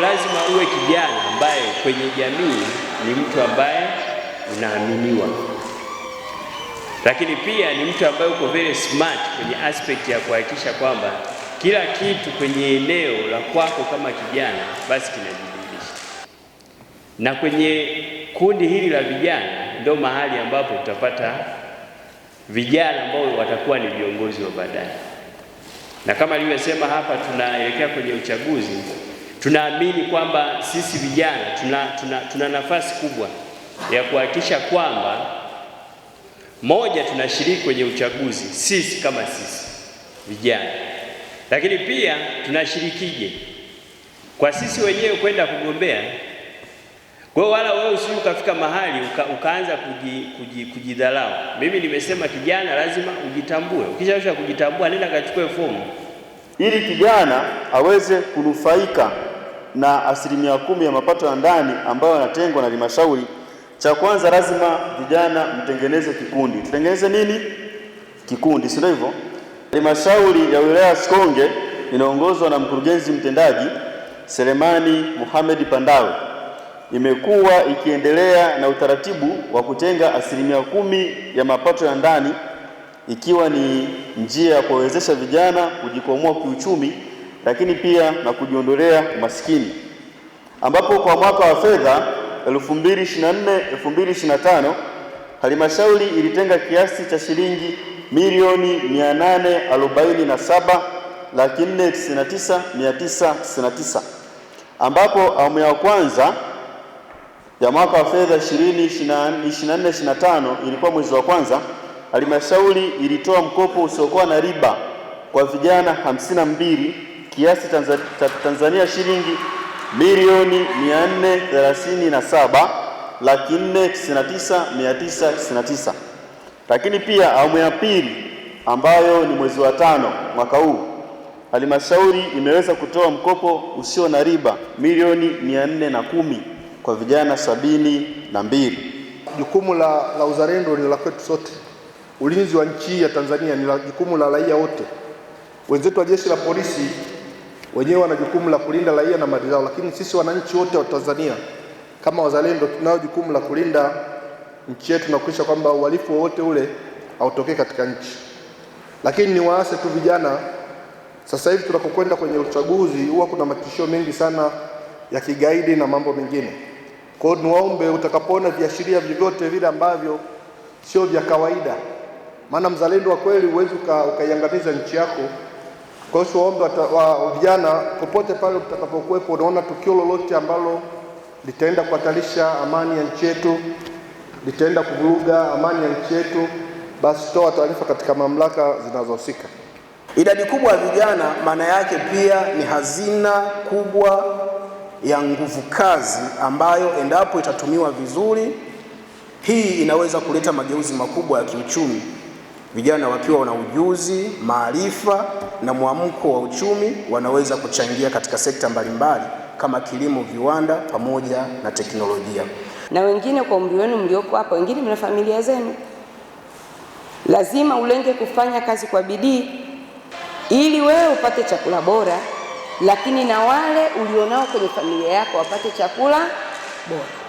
Kwa lazima uwe kijana ambaye kwenye jamii ni mtu ambaye unaaminiwa, lakini pia ni mtu ambaye uko very smart kwenye aspect ya kuhakikisha kwamba kila kitu kwenye eneo la kwako kama kijana basi kinajidhihirisha. Na kwenye kundi hili la vijana ndio mahali ambapo utapata vijana ambao watakuwa ni viongozi wa baadaye, na kama nilivyosema hapa, tunaelekea kwenye uchaguzi. Tunaamini kwamba sisi vijana tuna, tuna, tuna nafasi kubwa ya kuhakikisha kwamba moja, tunashiriki kwenye uchaguzi sisi kama sisi vijana, lakini pia tunashirikije kwa sisi wenyewe kwenda kugombea. Kwa hiyo wala wewe usije ukafika mahali uka, ukaanza kujidharau kuji, kuji. Mimi nimesema kijana lazima ujitambue. Ukishawisha kujitambua, nenda kachukue fomu ili kijana aweze kunufaika na asilimia kumi ya mapato ya ndani ambayo yanatengwa na halmashauri. Cha kwanza, lazima vijana mtengeneze kikundi. Tutengeneze nini? Kikundi, si ndio hivyo? Halmashauri ya wilaya Sikonge inaongozwa na mkurugenzi mtendaji Selemani Mohamed Pandawe imekuwa ikiendelea na utaratibu wa kutenga asilimia kumi ya mapato ya ndani ikiwa ni njia ya kuwawezesha vijana kujikwamua kiuchumi lakini pia na kujiondolea umaskini, ambapo kwa mwaka wa fedha 2024 2025 halmashauri ilitenga kiasi cha shilingi milioni 847 laki 499999 ambapo awamu ya kwanza ya mwaka wa fedha 2024 2025 ilikuwa mwezi wa kwanza, halmashauri ilitoa mkopo usiokuwa na riba kwa vijana 52 kiasi cha Tanzania shilingi milioni 437 laki 499999. Lakini pia awamu ya pili ambayo ni mwezi wa tano mwaka huu halmashauri imeweza kutoa mkopo usio na riba milioni 410 kwa vijana sabini na mbili. Jukumu la, la uzalendo ni la kwetu sote. Ulinzi wa nchi hii ya Tanzania ni la jukumu la raia wote. Wenzetu wa jeshi la polisi wenyewe wana jukumu la kulinda raia na mali zao, lakini sisi wananchi wote wa Tanzania kama wazalendo tunao jukumu la kulinda nchi yetu na kuhakikisha kwamba uhalifu wowote ule hautokee katika nchi. Lakini ni waase tu vijana, sasa hivi tunakokwenda kwenye uchaguzi huwa kuna matishio mengi sana ya kigaidi na mambo mengine. Kwa hiyo niwaombe, utakapoona viashiria vyovyote vile ambavyo sio vya kawaida, maana mzalendo wa kweli huwezi ukaiangamiza nchi yako kwa hiyo tuwaombe wa vijana popote pale utakapokuwepo, unaona tukio lolote ambalo litaenda kuhatarisha amani ya nchi yetu, litaenda kuvuruga amani ya nchi yetu, basi toa taarifa katika mamlaka zinazohusika. Idadi kubwa ya vijana maana yake pia ni hazina kubwa ya nguvu kazi ambayo endapo itatumiwa vizuri, hii inaweza kuleta mageuzi makubwa ya kiuchumi. Vijana wakiwa wana ujuzi, maarifa na mwamko wa uchumi, wanaweza kuchangia katika sekta mbalimbali kama kilimo, viwanda pamoja na teknolojia. Na wengine kwa umri wenu mlioko hapa, wengine mna familia zenu, lazima ulenge kufanya kazi kwa bidii ili wewe upate chakula bora, lakini na wale ulionao kwenye familia yako wapate chakula bora.